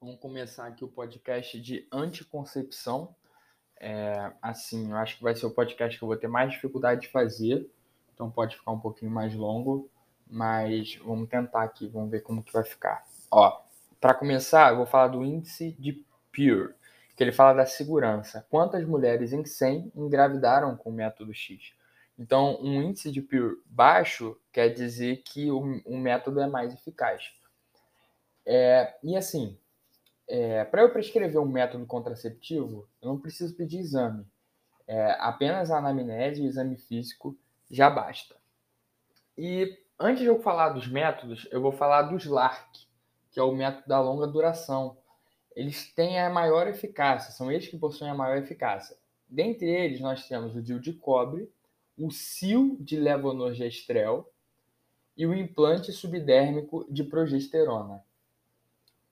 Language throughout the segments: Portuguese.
Vamos começar aqui o podcast de anticoncepção. É, assim, eu acho que vai ser o podcast que eu vou ter mais dificuldade de fazer, então pode ficar um pouquinho mais longo, mas vamos tentar aqui, vamos ver como que vai ficar. Ó, para começar, eu vou falar do índice de Pure, que ele fala da segurança. Quantas mulheres em 100 engravidaram com o método X? Então, um índice de Pure baixo quer dizer que o, o método é mais eficaz. É, e assim, é, para eu prescrever um método contraceptivo, eu não preciso pedir exame. É, apenas a anamnese e o exame físico já basta. E antes de eu falar dos métodos, eu vou falar dos LARC, que é o método da longa duração. Eles têm a maior eficácia, são eles que possuem a maior eficácia. Dentre eles, nós temos o DIL de cobre, o SIL de levonorgestrel e o implante subdérmico de progesterona.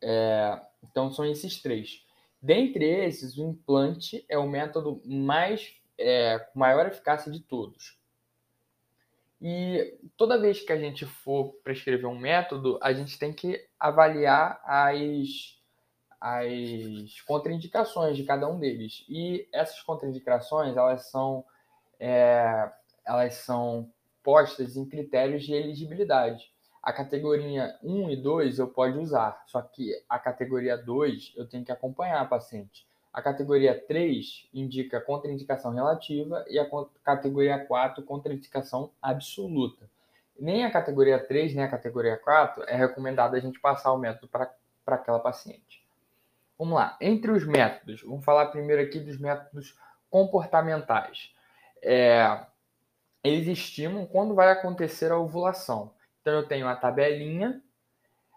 É, então são esses três. Dentre esses, o implante é o método mais é, maior eficácia de todos. E toda vez que a gente for prescrever um método, a gente tem que avaliar as, as contraindicações de cada um deles. E essas contraindicações, elas são, é, elas são postas em critérios de elegibilidade. A categoria 1 e 2 eu pode usar, só que a categoria 2 eu tenho que acompanhar a paciente. A categoria 3 indica contraindicação relativa e a categoria 4 contraindicação absoluta. Nem a categoria 3, nem a categoria 4 é recomendado a gente passar o método para aquela paciente. Vamos lá, entre os métodos, vamos falar primeiro aqui dos métodos comportamentais. É, eles estimam quando vai acontecer a ovulação. Então eu tenho a tabelinha,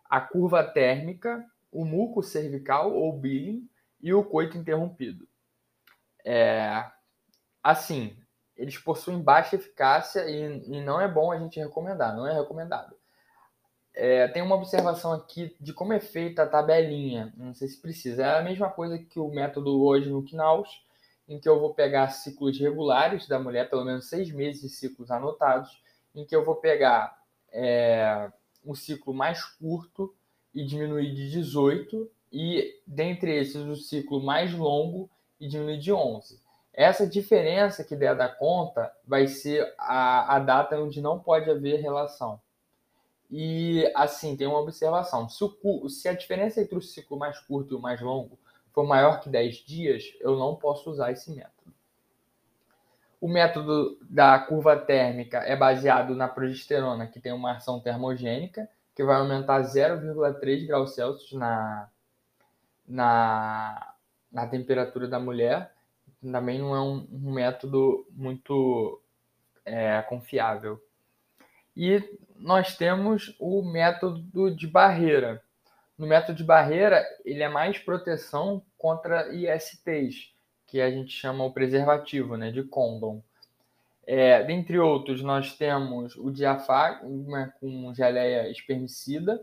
a curva térmica, o muco cervical ou billing e o coito interrompido. É, assim, eles possuem baixa eficácia e, e, não é bom a gente recomendar, não é recomendado. É, tem uma observação aqui de como é feita a tabelinha, não sei se precisa. É a mesma coisa que o método hoje no Knaus, em que eu vou pegar ciclos regulares da mulher, pelo menos seis meses de ciclos anotados, em que eu vou pegar é, um ciclo mais curto e diminuir de 18, e dentre esses o ciclo mais longo e diminuir de 11. Essa diferença que der da conta vai ser a, a data onde não pode haver relação. E assim, tem uma observação: se, o, se a diferença entre o ciclo mais curto e o mais longo for maior que 10 dias, eu não posso usar esse método. O método da curva térmica é baseado na progesterona, que tem uma ação termogênica, que vai aumentar 0,3 graus Celsius na, na, na temperatura da mulher. Também não é um, um método muito é, confiável. E nós temos o método de barreira. No método de barreira, ele é mais proteção contra ISTs, que a gente chama o preservativo, né, de condom. É, dentre outros, nós temos o diafragma né, com geleia espermicida,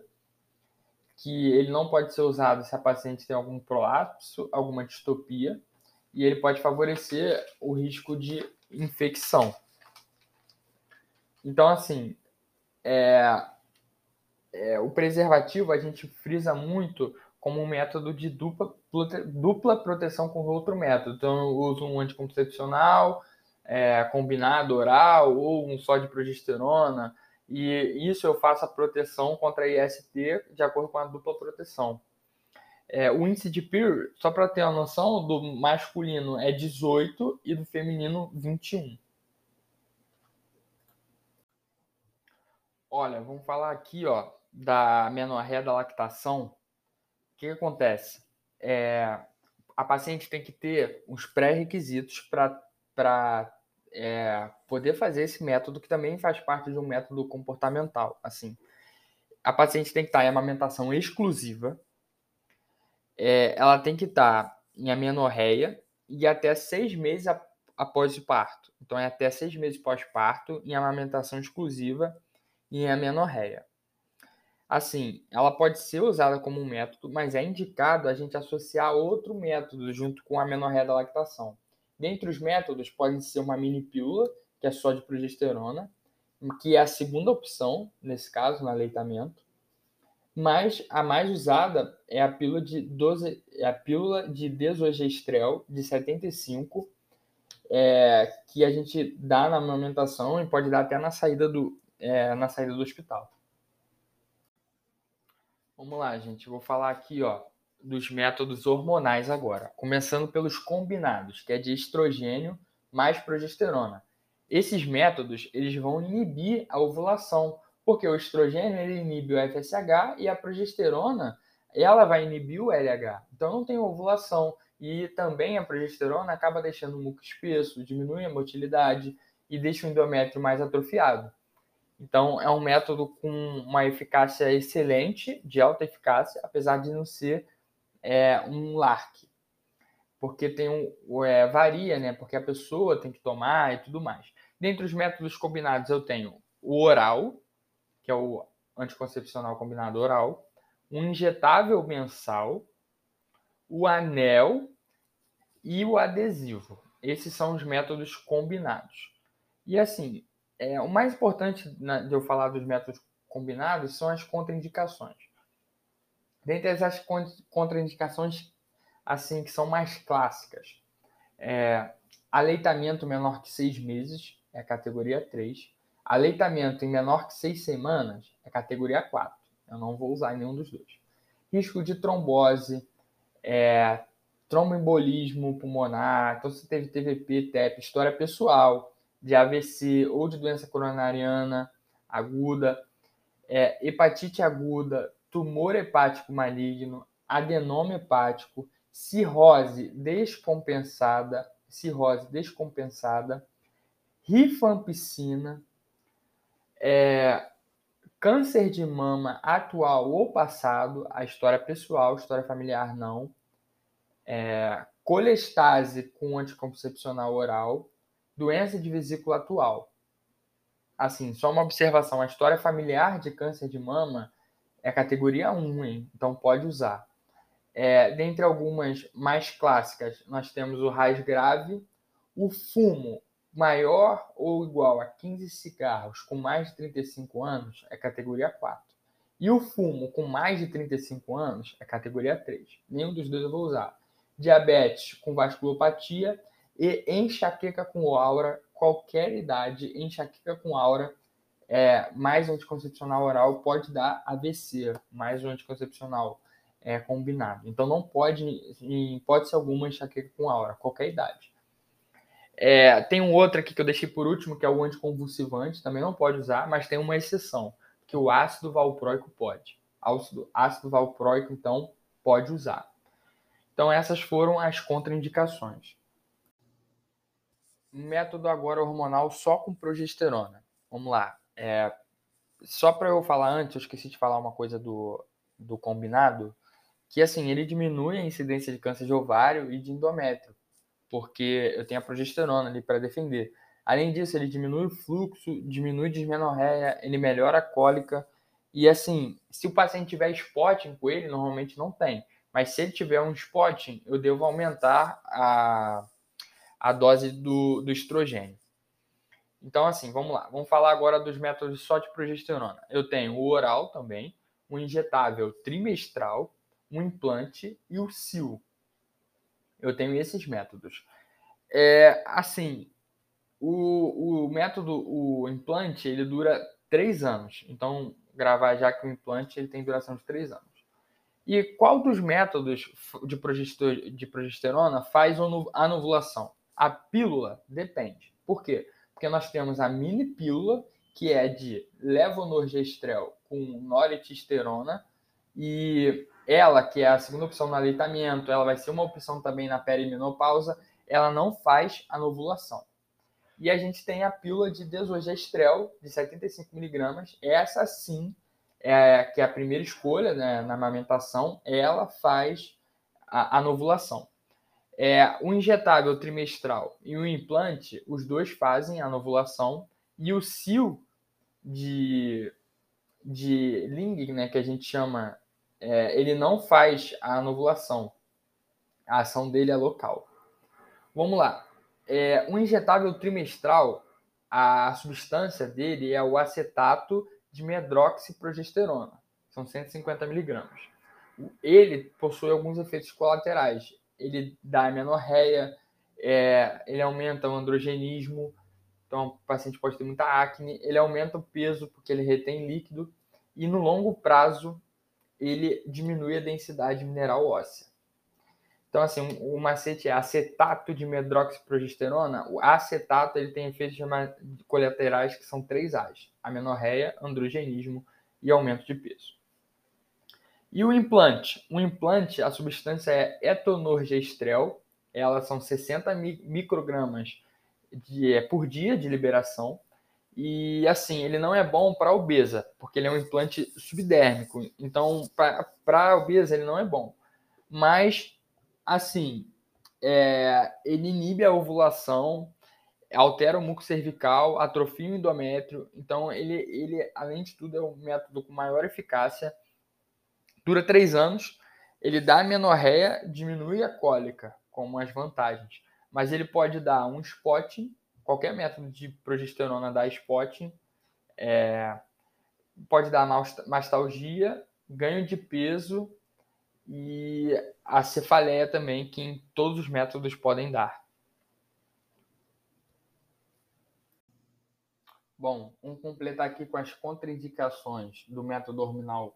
que ele não pode ser usado se a paciente tem algum prolapso, alguma distopia, e ele pode favorecer o risco de infecção. Então, assim, é, é, o preservativo a gente frisa muito como um método de dupla, dupla proteção com outro método. Então, eu uso um anticoncepcional é, combinado oral ou um só de progesterona. E isso eu faço a proteção contra IST de acordo com a dupla proteção. É, o índice de PIR, só para ter uma noção, do masculino é 18 e do feminino 21. Olha, vamos falar aqui ó, da menorréia da lactação que, que acontece? É, a paciente tem que ter uns pré-requisitos para é, poder fazer esse método, que também faz parte de um método comportamental. Assim, a paciente tem que estar tá em amamentação exclusiva, é, ela tem que estar tá em amenorreia e até seis meses a, após o parto. Então, é até seis meses pós-parto, em amamentação exclusiva e em amenorreia assim, ela pode ser usada como um método, mas é indicado a gente associar outro método junto com a menorreia da lactação. Dentre os métodos, podem ser uma mini pílula, que é só de progesterona, que é a segunda opção, nesse caso, no aleitamento. Mas a mais usada é a pílula de, 12, é a pílula de desogestrel de 75, é, que a gente dá na amamentação e pode dar até na saída do, é, na saída do hospital. Vamos lá, gente. Eu vou falar aqui, ó, dos métodos hormonais agora. Começando pelos combinados, que é de estrogênio mais progesterona. Esses métodos, eles vão inibir a ovulação, porque o estrogênio ele inibe o FSH e a progesterona, ela vai inibir o LH. Então não tem ovulação e também a progesterona acaba deixando o muco espesso, diminui a motilidade e deixa o endométrio mais atrofiado. Então, é um método com uma eficácia excelente, de alta eficácia, apesar de não ser é, um LARC. Porque tem um, é, varia, né? Porque a pessoa tem que tomar e tudo mais. Dentre os métodos combinados, eu tenho o oral, que é o anticoncepcional combinado oral, o injetável mensal, o anel e o adesivo. Esses são os métodos combinados. E assim, é, o mais importante né, de eu falar dos métodos combinados são as contraindicações. Dentre as contraindicações assim que são mais clássicas, é, aleitamento menor que seis meses é a categoria 3. Aleitamento em menor que seis semanas é categoria 4. Eu não vou usar nenhum dos dois. Risco de trombose, é, tromboembolismo pulmonar, então se teve TVP, TEP, história pessoal, de AVC ou de doença coronariana aguda, é, hepatite aguda, tumor hepático maligno, adenoma hepático, cirrose descompensada, cirrose descompensada, rifampicina, é, câncer de mama atual ou passado, a história pessoal, história familiar não, é, colestase com anticoncepcional oral, doença de vesícula atual. Assim, só uma observação: a história familiar de câncer de mama é categoria 1, hein? então pode usar. É, dentre algumas mais clássicas, nós temos o raiz grave, o fumo maior ou igual a 15 cigarros com mais de 35 anos é categoria 4. E o fumo com mais de 35 anos é categoria 3. Nenhum dos dois eu vou usar. Diabetes com vasculopatia e enxaqueca com aura, qualquer idade, enxaqueca com aura, é, mais um anticoncepcional oral pode dar AVC, mais um anticoncepcional é, combinado. Então não pode, em hipótese alguma, enxaqueca com aura, qualquer idade. É, tem um outro aqui que eu deixei por último, que é o anticonvulsivante, também não pode usar, mas tem uma exceção, que o ácido valproico pode. Ácido, ácido valproico, então, pode usar. Então, essas foram as contraindicações método agora hormonal só com progesterona. Vamos lá. É, só para eu falar antes, eu esqueci de falar uma coisa do, do combinado, que assim, ele diminui a incidência de câncer de ovário e de endométrio, porque eu tenho a progesterona ali para defender. Além disso, ele diminui o fluxo, diminui dismenorreia, ele melhora a cólica. E assim, se o paciente tiver spotting com ele, normalmente não tem. Mas se ele tiver um spotting, eu devo aumentar a a dose do, do estrogênio. Então, assim, vamos lá. Vamos falar agora dos métodos só de progesterona. Eu tenho o oral também, o injetável trimestral, o implante e o SIL. Eu tenho esses métodos. É, assim, o, o método, o implante, ele dura três anos. Então, gravar já que o implante ele tem duração de três anos. E qual dos métodos de, de progesterona faz a anovulação? A pílula depende. Por quê? Porque nós temos a mini pílula, que é de levonorgestrel com noritesterona, e ela, que é a segunda opção no aleitamento, ela vai ser uma opção também na perimenopausa, ela não faz a novulação. E a gente tem a pílula de desogestrel de 75mg, essa sim é que é a primeira escolha né, na amamentação, ela faz a, a novulação. É, o injetável trimestral e o implante, os dois fazem a novulação e o cio de, de Ling, né, que a gente chama, é, ele não faz a novulação. A ação dele é local. Vamos lá. É, o injetável trimestral, a substância dele é o acetato de medroxiprogesterona. São 150 miligramas. Ele possui alguns efeitos colaterais ele dá amenorreia, é, ele aumenta o androgenismo, então o paciente pode ter muita acne, ele aumenta o peso porque ele retém líquido e no longo prazo ele diminui a densidade mineral óssea. Então, assim, o macete é acetato de medroxiprogesterona. O acetato ele tem efeitos colaterais que são três A's: amenorreia, androgenismo e aumento de peso. E o implante? O implante, a substância é etonorgestrel, elas são 60 microgramas de, é, por dia de liberação. E assim, ele não é bom para obesa, porque ele é um implante subdérmico. Então, para obesa, ele não é bom. Mas, assim, é, ele inibe a ovulação, altera o muco cervical, atrofia o endométrio. Então, ele, ele, além de tudo, é um método com maior eficácia Dura três anos. Ele dá menorréia, diminui a cólica, como as vantagens. Mas ele pode dar um spotting, qualquer método de progesterona dá spotting, é, pode dar mastalgia, ganho de peso e a cefaleia também, que todos os métodos podem dar. Bom, vamos completar aqui com as contraindicações do método hormonal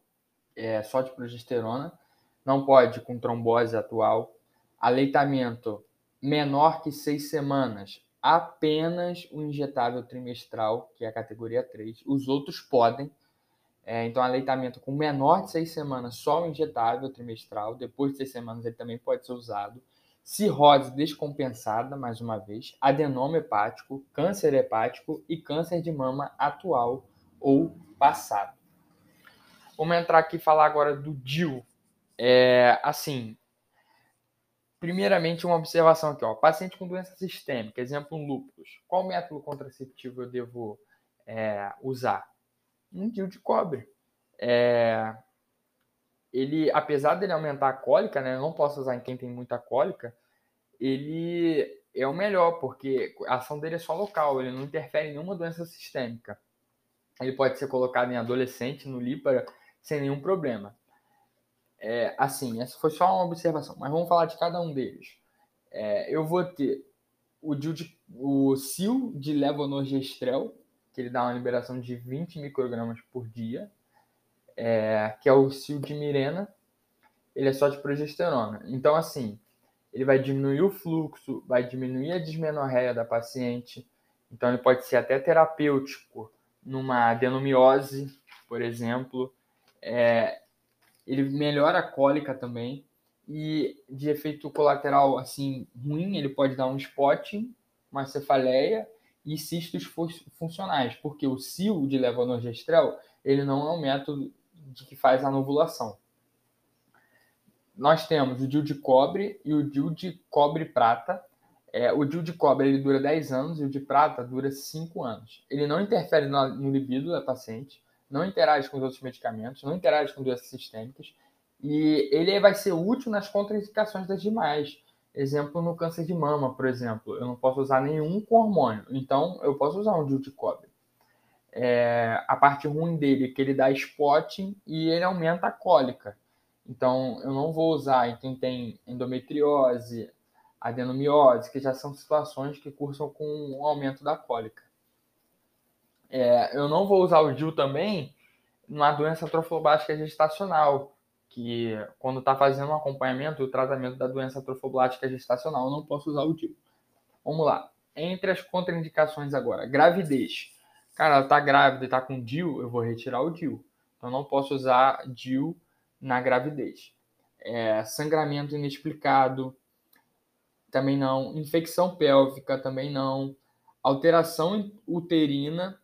é, só de progesterona, não pode com trombose atual, aleitamento menor que seis semanas, apenas o injetável trimestral, que é a categoria 3, os outros podem. É, então, aleitamento com menor de seis semanas, só o injetável trimestral, depois de seis semanas ele também pode ser usado. Cirrose descompensada, mais uma vez, adenoma hepático, câncer hepático e câncer de mama atual ou passado. Vamos entrar aqui e falar agora do DIL. É, assim, primeiramente uma observação aqui, ó. Paciente com doença sistêmica, exemplo um lúpus. Qual método contraceptivo eu devo é, usar? Um DIL de cobre. É, ele, apesar dele aumentar a cólica, né? Eu não posso usar em quem tem muita cólica. Ele é o melhor, porque a ação dele é só local, ele não interfere em nenhuma doença sistêmica. Ele pode ser colocado em adolescente, no lípara, sem nenhum problema. É, assim, essa foi só uma observação, mas vamos falar de cada um deles. É, eu vou ter o, o Sil de levonorgestrel, que ele dá uma liberação de 20 microgramas por dia, é, que é o Sil de Mirena, ele é só de progesterona. Então, assim, ele vai diminuir o fluxo, vai diminuir a dismenorreia da paciente, então ele pode ser até terapêutico numa adenomiose, por exemplo, é, ele melhora a cólica também. E de efeito colateral assim ruim, ele pode dar um spotting, uma cefaleia e cistos funcionais, porque o sil de levonorgestrel, ele não é um método de que faz a novulação. Nós temos o DIL de cobre e o DIL de cobre-prata. É, o DIL de cobre ele dura 10 anos e o de prata dura 5 anos. Ele não interfere no libido da paciente, não interage com os outros medicamentos, não interage com doenças sistêmicas, e ele vai ser útil nas contraindicações das demais. Exemplo, no câncer de mama, por exemplo, eu não posso usar nenhum com hormônio, então eu posso usar um Dilticob. É, a parte ruim dele é que ele dá spotting e ele aumenta a cólica. Então, eu não vou usar em quem tem endometriose, adenomiose, que já são situações que cursam com o aumento da cólica. É, eu não vou usar o DIU também numa doença trofoblástica gestacional, que quando está fazendo o um acompanhamento e o tratamento da doença trofoblástica gestacional, eu não posso usar o DIU. Vamos lá. Entre as contraindicações agora, gravidez. Cara, ela está grávida e está com DIU, eu vou retirar o DIU. Então, não posso usar DIU na gravidez. É, sangramento inexplicado, também não. Infecção pélvica, também não. Alteração uterina,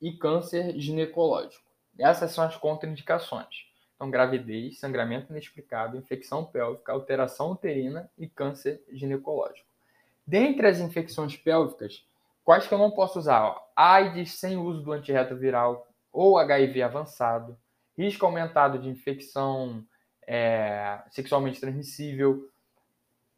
e câncer ginecológico. Essas são as contraindicações. Então, gravidez, sangramento inexplicado, infecção pélvica, alteração uterina e câncer ginecológico. Dentre as infecções pélvicas, quais que eu não posso usar? AIDS sem uso do antirretroviral ou HIV avançado, risco aumentado de infecção é, sexualmente transmissível,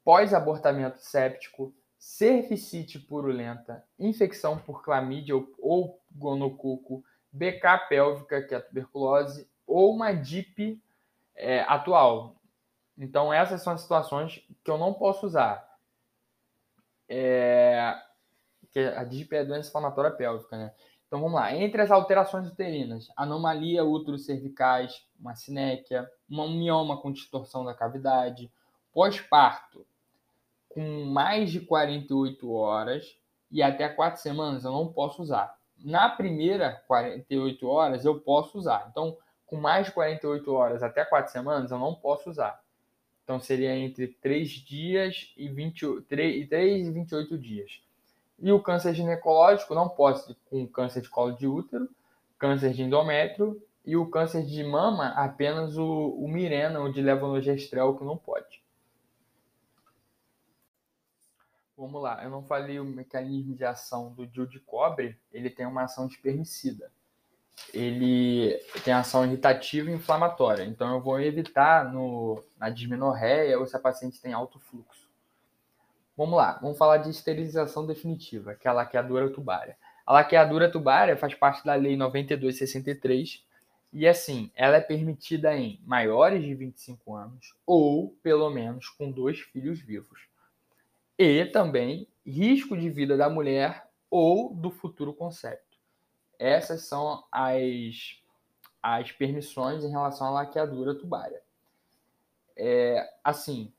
pós-abortamento séptico, cervicite purulenta, infecção por clamídia ou gonococo, BK pélvica, que é a tuberculose, ou uma DIP é, atual. Então, essas são as situações que eu não posso usar. É... Que a DIP é a doença inflamatória pélvica, né? Então, vamos lá. Entre as alterações uterinas, anomalia útero-cervicais, uma sinéquia, uma mioma com distorção da cavidade, pós-parto, com mais de 48 horas e até quatro semanas eu não posso usar. Na primeira 48 horas eu posso usar. Então, com mais de 48 horas até quatro semanas eu não posso usar. Então seria entre 3 dias e 20, 3, 3 e 28 dias. E o câncer ginecológico não pode com câncer de colo de útero, câncer de endométrio e o câncer de mama apenas o, o Mirena, ou de levonorgestrel que não pode. Vamos lá, eu não falei o mecanismo de ação do DIU de cobre, ele tem uma ação espermicida. Ele tem ação irritativa e inflamatória. Então eu vou evitar no, na dismenorreia ou se a paciente tem alto fluxo. Vamos lá, vamos falar de esterilização definitiva, que é a laqueadura tubária. A laqueadura tubária faz parte da Lei 9263 e, assim, ela é permitida em maiores de 25 anos ou, pelo menos, com dois filhos vivos e também risco de vida da mulher ou do futuro concepto. Essas são as, as permissões em relação à laqueadura tubária. É, assim,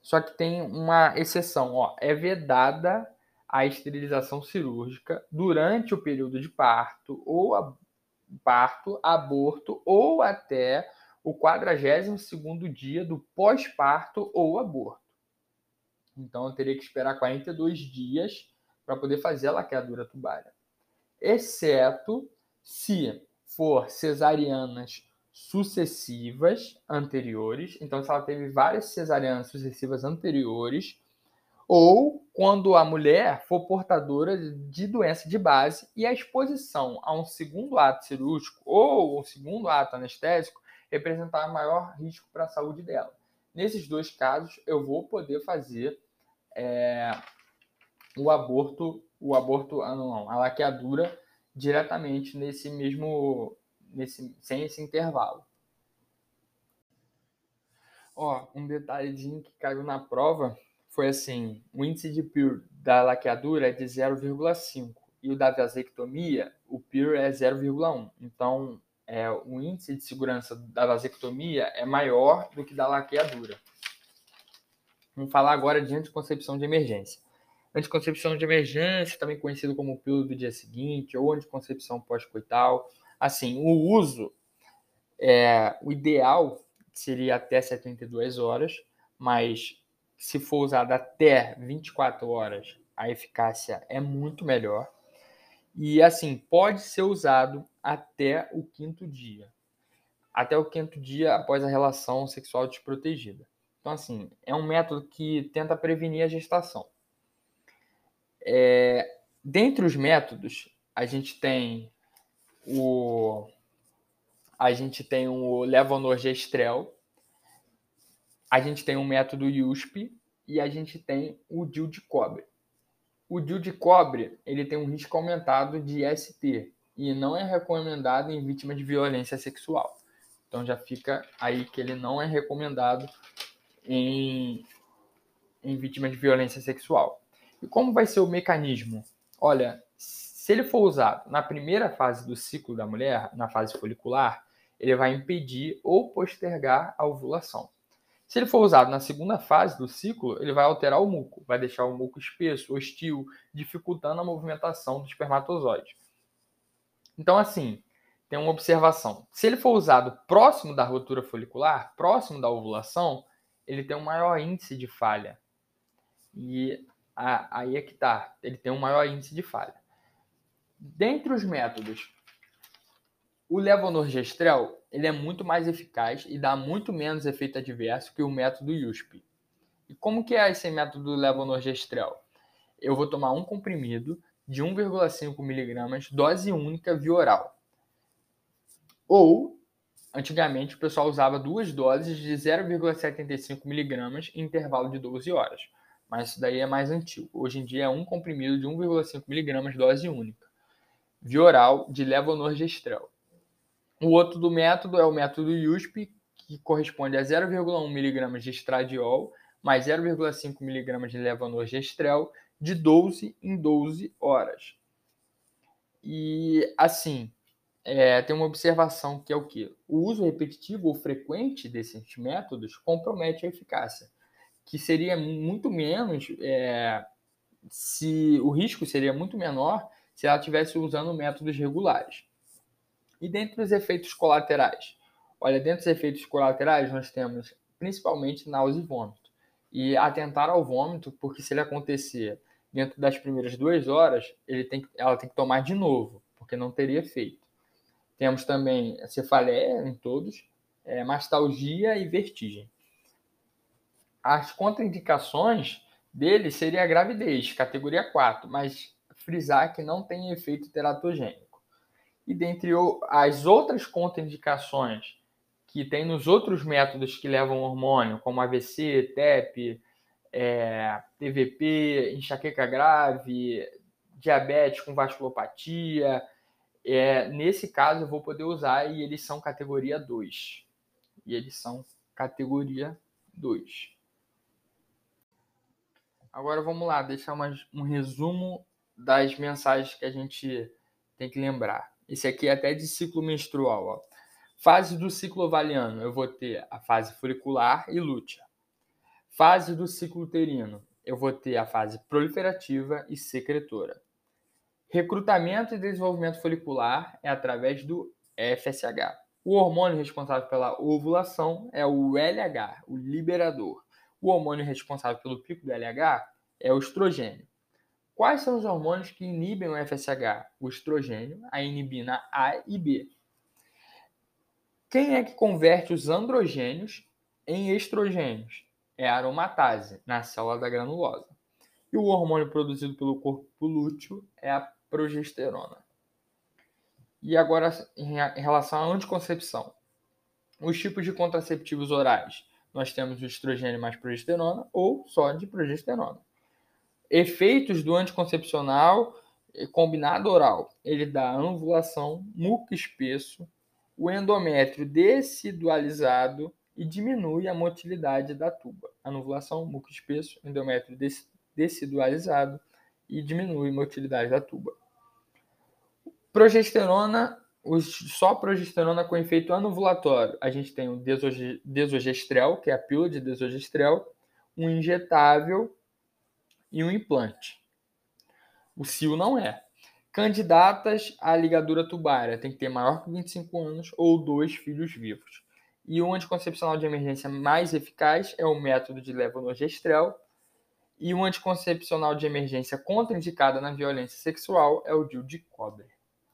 só que tem uma exceção, ó, é vedada a esterilização cirúrgica durante o período de parto ou a, parto, aborto ou até o 42º dia do pós-parto ou aborto. Então eu teria que esperar 42 dias para poder fazer a laqueadura tubária. Exceto se for cesarianas sucessivas anteriores, então se ela teve várias cesarianas sucessivas anteriores, ou quando a mulher for portadora de doença de base e a exposição a um segundo ato cirúrgico ou um segundo ato anestésico representar maior risco para a saúde dela. Nesses dois casos, eu vou poder fazer é, o aborto, o aborto, ah, não, não, a laqueadura diretamente nesse mesmo, nesse, sem esse intervalo. Ó, um detalhezinho que caiu na prova foi assim, o índice de PIR da laqueadura é de 0,5 e o da vasectomia, o PIR é 0,1. Então, é, o índice de segurança da vasectomia é maior do que da laqueadura. Vamos falar agora de anticoncepção de emergência. Anticoncepção de emergência, também conhecido como pílula do dia seguinte, ou anticoncepção pós-coital. Assim, o uso, é, o ideal seria até 72 horas, mas se for usado até 24 horas, a eficácia é muito melhor. E assim, pode ser usado até o quinto dia. Até o quinto dia após a relação sexual desprotegida. Então, assim, é um método que tenta prevenir a gestação. É, dentre os métodos, a gente tem o a gente tem o levonorgestrel, a gente tem o método USP e a gente tem o DIL de cobre. O DIL de cobre ele tem um risco aumentado de ST e não é recomendado em vítima de violência sexual. Então já fica aí que ele não é recomendado em, em de violência sexual. E como vai ser o mecanismo? Olha, se ele for usado na primeira fase do ciclo da mulher, na fase folicular, ele vai impedir ou postergar a ovulação. Se ele for usado na segunda fase do ciclo, ele vai alterar o muco, vai deixar o muco espesso, hostil, dificultando a movimentação do espermatozoide. Então, assim, tem uma observação. Se ele for usado próximo da ruptura folicular, próximo da ovulação, ele tem um maior índice de falha. E a, aí é que tá, ele tem um maior índice de falha. Dentre os métodos, o levonorgestrel ele é muito mais eficaz e dá muito menos efeito adverso que o método USP. E como que é esse método levonorgestrel? Eu vou tomar um comprimido de 1,5 miligramas, dose única via oral. Ou antigamente o pessoal usava duas doses de 0,75 miligramas em intervalo de 12 horas, mas isso daí é mais antigo. Hoje em dia é um comprimido de 1,5 miligramas dose única, Vioral oral de levonorgestrel. O outro do método é o método USP, que corresponde a 0,1 miligramas de estradiol mais 0,5 miligramas de levonorgestrel de 12 em 12 horas. E assim, é, tem uma observação que é o que o uso repetitivo ou frequente desses métodos compromete a eficácia, que seria muito menos é, se o risco seria muito menor se ela estivesse usando métodos regulares. E dentro dos efeitos colaterais, olha, dentro dos efeitos colaterais nós temos principalmente náusea e vômito. E atentar ao vômito, porque se ele acontecer dentro das primeiras duas horas, ele tem, ela tem que tomar de novo, porque não teria efeito. Temos também cefaleia em todos, é, mastalgia e vertigem. As contraindicações dele seria a gravidez, categoria 4, mas frisar que não tem efeito teratogênico. E dentre as outras contraindicações que tem nos outros métodos que levam hormônio, como AVC, TEP, é, TVP, enxaqueca grave, diabetes com vasculopatia, é, nesse caso, eu vou poder usar e eles são categoria 2. E eles são categoria 2. Agora vamos lá, deixar um resumo das mensagens que a gente tem que lembrar. Esse aqui é até de ciclo menstrual. Ó. Fase do ciclo ovaliano, eu vou ter a fase folicular e lútea. Fase do ciclo uterino, eu vou ter a fase proliferativa e secretora Recrutamento e desenvolvimento folicular é através do FSH. O hormônio responsável pela ovulação é o LH, o liberador. O hormônio responsável pelo pico do LH é o estrogênio. Quais são os hormônios que inibem o FSH? O estrogênio, a inibina A e B. Quem é que converte os androgênios em estrogênios? É a aromatase, na célula da granulosa. E o hormônio produzido pelo corpo lúteo é a progesterona. E agora, em relação à anticoncepção. Os tipos de contraceptivos orais. Nós temos o estrogênio mais progesterona ou só de progesterona. Efeitos do anticoncepcional eh, combinado oral. Ele dá anulação, muco espesso, o endométrio decidualizado e diminui a motilidade da tuba. Anovulação, muco espesso, endométrio decidualizado e diminui a motilidade da tuba. Progesterona, só progesterona com efeito anovulatório. A gente tem o desogestrel, que é a pílula de desogestrel, um injetável e um implante. O CIO não é. Candidatas à ligadura tubária tem que ter maior que 25 anos ou dois filhos vivos. E o anticoncepcional de emergência mais eficaz é o método de levonorgestrel, e um anticoncepcional de emergência contraindicado na violência sexual é o DIU de cobre.